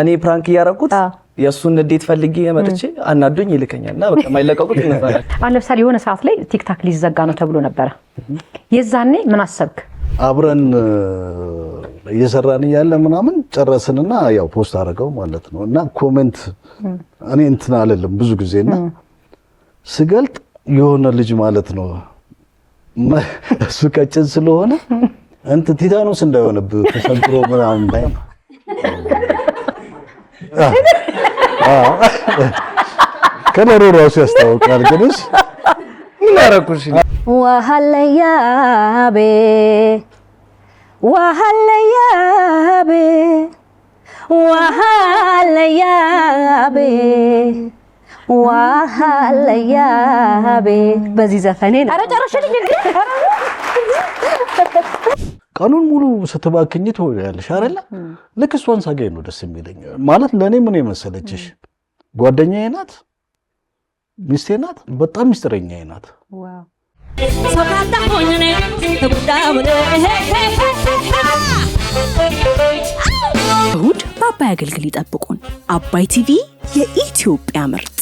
እኔ ፕራንክ እያደረኩት የእሱን እንዴት ፈልጌ መጥቼ አናዱኝ ይልከኛል እና በቃ የማይለቀቁት አሁን ለምሳሌ የሆነ ሰዓት ላይ ቲክታክ ሊዘጋ ነው ተብሎ ነበረ። የዛኔ ምን አሰብክ? አብረን እየሰራን እያለ ምናምን ጨረስንና ያው ፖስት አደረገው ማለት ነው። እና ኮሜንት እኔ እንትን አልልም ብዙ እና ስገልጥ የሆነ ልጅ ማለት ነው እሱ ቀጭን ስለሆነ እንትን ቲታኖስ እንዳይሆንብህ ተሰንጥሮ ምናምን ከለሩ ራሱ ያስታውቃል። ግንሽ ላረኩሽ ዋሃለያቤ ዋሃለያቤ ዋሃለያቤ ዋሃለያቤ በዚህ ዘፈኔ ነው። ቀኑን ሙሉ ስትባክኝ ትሆኛለሽ አይደለ? ልክ እሷን ሳገኝ ነው ደስ የሚለኝ። ማለት ለእኔ ምን የመሰለችሽ ጓደኛዬ ናት፣ ሚስቴ ናት፣ በጣም ሚስጥረኛዬ ናት። እሁድ በአባይ አገልግል ይጠብቁን። አባይ ቲቪ የኢትዮጵያ ምርት